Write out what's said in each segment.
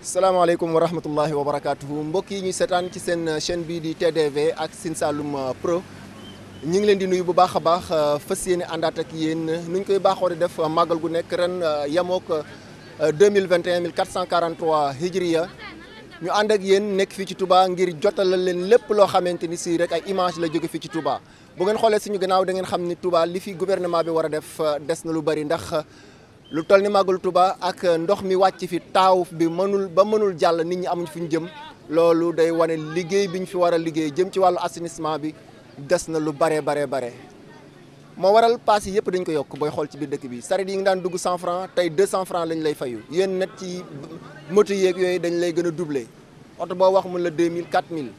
salaamaaleykum wa rahmatullahi wa barakaatuhu mbokk yi ñuy seetaan ci seen chaîne bii di TDV ak Sine Saloum Pro ñu ngi leen di nuyu bu baax a baax fas yéene àndaat ak nu ñu koy baaxoo di def màggal gu nekk ren uh, yamook 2021 uh, 443 hijriya ñu ànd ak yéen nekk fii ci tubaa ngir jotalal leen lépp loo xamante ni si rek ay image la jóge fii ci Touba bu ngeen xoolee suñu gannaaw da ngeen xam ni tubaa li fi gouvernement bi war a def uh, des na lu bari ndax. lu toll ni màggal tuba ak ndox mi wàcc fi taaw bi mënul ba mënul jàll nit ñi amuñ fu ñu jëm loolu day wane liggéey bi ñu fi war a liggéey jëm ci wàllu assainissement bi des na lu bare bare bare moo waral paas yi yëpp dañ ko yokk booy xool ci biir dëkk bi saret yi nga daan dugg 100 francs tey 200 francs lañ lay fayu yéen nag ci moto yeeg yooyu dañ lay gën a doublé oto boo wax mun la 2000 4000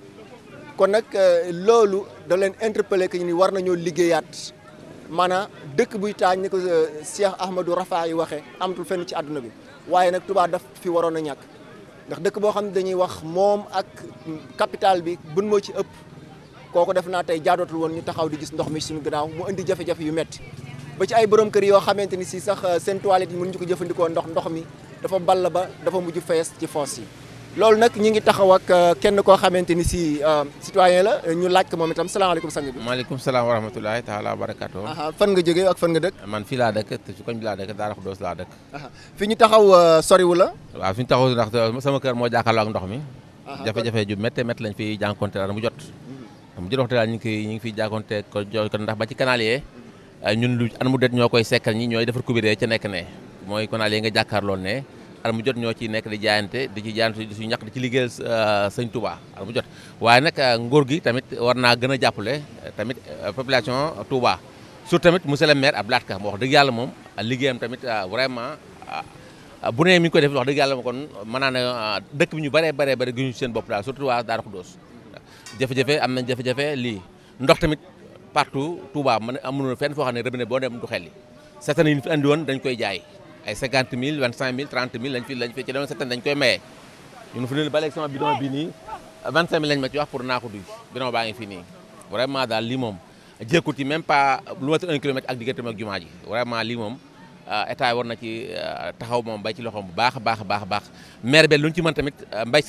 kon nag euh, loolu da leen interpellé que ñu war nañoo liggéeyaat. maanaam dëkk buy taañ ni ko euh, Cheikh Ahmadou Rafa yi waxee amatul fenn ci àdduna bi waaye nag Touba daf fi waroon a ñàkk ndax dëkk boo xam ne dañuy wax moom ak capital bi bun moo ci ëpp kooku def naa tey jaadootul woon ñu taxaw di gis ndox mi suñu gannaaw mu indi jafe-jafe yu metti ba ci ay borom kër yoo xamante ni si sax euh, seen toilette yi mënuñu ko jëfandikoo ndox ndox mi dafa ball ba dafa mujj fees ci foos yi loolu nag ñi ngi taxaw ak euh, kenn koo xamante ni si euh, citoyen la ñu laaj ko moom itam salaamaaleykum sang bi. maaleykum salaam wa rahmatulahi taala wa barakaatu. fan nga jógee ak fan nga dëkk. man fi laa dëkk te su koñ daara Xuddoos laa fi ñu taxaw euh, soriwu la. waa fi ñu taxaw ndax sama kër moo jàkkaarloo ak ndox mi. jafe-jafe mette mett métti fi fiy jànkuwanteel mu jot. Mhm. mu jot waxtaan ñu ngi koy ñu ngi fiy jànkuwanteel ko jox ndax ba ci canal yee. Mhm. ñun lu an mu det ñoo koy sekkal ñi ñooy defar kubiree ca nekk ne mooy canal yi nga jàkkaarloo ne at mu jot ñoo ciy nekk di jaayante di ci jaayante di suñu ñàkk di ci liggéeyal euh, sëñ Touba at mu jot waaye nag euh, nguur gi tamit war naa gën a jàppale euh, tamit population Touba surtout tamit monsieur le maire Abdou Lahad Ka dëgg yàlla moom liggéeyam tamit vraiment bu nee mi ngi koy def wax dëgg yàlla kon mën naa ne dëkk ñu bëree bëree bëri ñu seen bopp daal surtout waa Darou Khoudoss jafe-jafe am nañ jafe-jafe lii ndox tamit partout Touba man mun fenn foo xam ne robinet boo dem du xel yi certains yi ñu fi indi woon dañ koy jaay ay 50 000, 25 000, 30 000, lañ fi lañ fi ci dañ koy maye ne ba sama bidon bi 25 000 pour fi vraiment même pas lu un km ak ak vraiment euh, état war na ci euh, taxaw ci baax baax baax maire ci mën tamit euh, mbay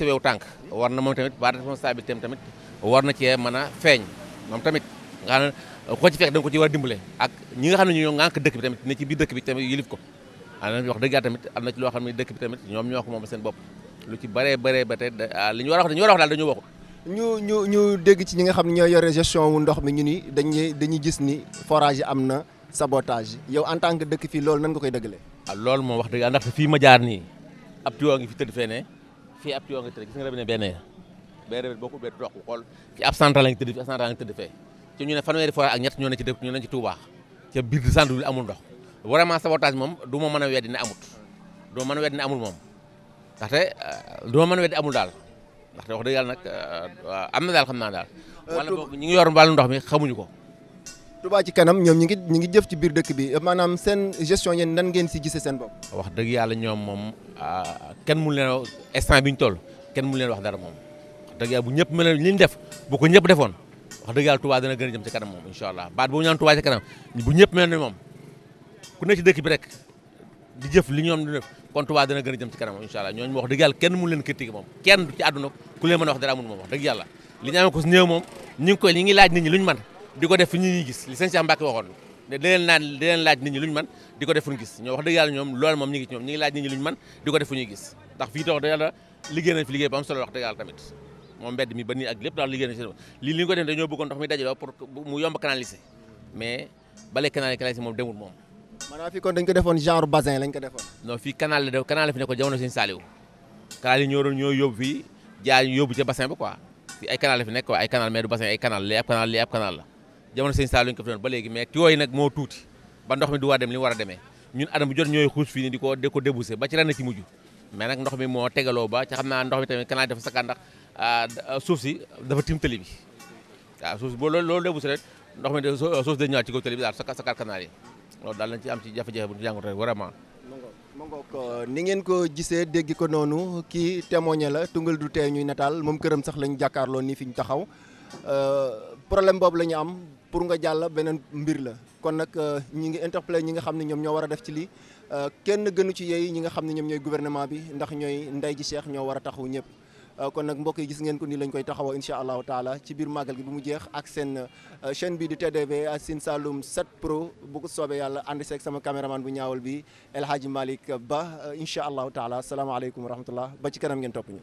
war na tamit responsabilité tamit war na a feeñ tamit nga ko ci da nga ci a ak ñi nga xam ne ñoo dëkk ana wax dëgg tamit am na ci loo xam ne dëkk bi tamit ñoom ñoo ko moom seen bopp lu ci a ah, a wax ñu ñu ci ñi nga xam ne ñoo yore gestion wu ndox mi ñu ni dañuy dañuy gis ni forage am na sabotage yow en tant que dëkk fii loolu nan nga koy dëggalee. ah loolu moom wax dëgg ndax fii ma jaar nii ab tuyoo ngi fi tëdd fee ne fii ab tuyoo ngi tëdd gis nga robinet benn ya ab central ngi tëdd tëdd fee ci ñu ne fanweeri forage ak ñett ñoo ne ci dëkk ñoo ne ca biir centre bi amul ndox vraiment sabotage moom du ma mën a weddi ne amut du ma mën a weddi ne amul moom ndaxte euh, du ma a weddi amul daal ndaxte wax dëgg yàlla nag euh, am na daal xam naa daal. Euh, wala boog ñi ngi yor wàllu ndox mi xamuñu ko. Touba ci kanam ñoom ñi ngi ñi ngi jëf ci biir dëkk bi maanaam seen gestion yéen nan ngeen si gisee seen bopp. wax dëgg yàlla ñoom moom kenn mu leen instant bi ñu toll kenn mu leen wax dara moom wax dëgg yàlla bu def ñëpp defoon wax dëgg yàlla Touba dana a jëm ci kanam moom incha allah baat boobu ñëpp mel ni moom ku ne ci dëkk bi rek di li ñoom di def kon Touba dina gën a jëm ci kanam incha allah ñooñu wax dëgg yàlla kenn mënu leen critique moom kenn ci àdduna ku leen mën a wax dara amul moom wax dëgg yàlla li ñu amee ko si néew moom ñu ngi koy ñi ngi laaj nit ñi gis li sëñ Cheikh Mbacke waxoon fu ñu gis ñoo wax dëgg yàlla ñoom moom ñu ngi ci ñoom ñi ngi tax liggéey nañ fi liggéey bu solo wax dëgg yàlla tamit moom mbedd mi ba ak lépp daal liggéey nañ si lii li ñu moom maanaam fii kon dañ ko defoon genre bassin lañ ko defoon. non fii canal la def canal la fi nekkoon jamono Sëñ Saaliw canal yi ñoo doon ñoo yóbbu fii jaar yóbbu ca bassin ba quoi fii ay canal la fi nekk quoi ay canal la fi doon tuuti mi du war a dem li mu war a demee ñun adam bu jot ñooy xuus fii ni di ko di ko débousser ba ci ren ci mujj mais nag ndox mi moo tegaloo ba ci xam naa ndox mi tamit canal dafa sakkaan ndax ah, ah, suuf si dafa tiim tëli bi waaw si boo loolu loolu rek ndox mi suuf si dañu a ci kaw tëli bi yi loolu daal ci am ci jafe-jafe bu ñu jàngatee vraiment. ma ni ngeen ko gisee dégg ko noonu kii témoigné la tungal du tee ñuy nataal moom këram sax lañu jàkkaarloo nii fi ñu taxaw euh, problème boobu la ñu am pour nga jàll beneen mbir la kon nag euh, ñi ngi interpellé ñi nga xam ne ñoom ñoo war a def ci lii euh, kenn gënu ci yey ñi nga xam ne ñoom ñooy gouvernement bi ndax ñooy ndey ji Cheikh ñoo war a taxaw ñëpp. Euh, kon nak mbokk yi gis ngeen ko ni lañ koy taxawoo insha allah taala ci biir màggal gi bu mu jeex ak seen euh, chaîne bi di tdv sin saloum 7 pro bu ko soobee yàlla ànd seeg sama caméraman bu ñaawal bi el hadji malik ba euh, insha allah taala salaamaaleykum wa rahmatullah ba ci kanam ngeen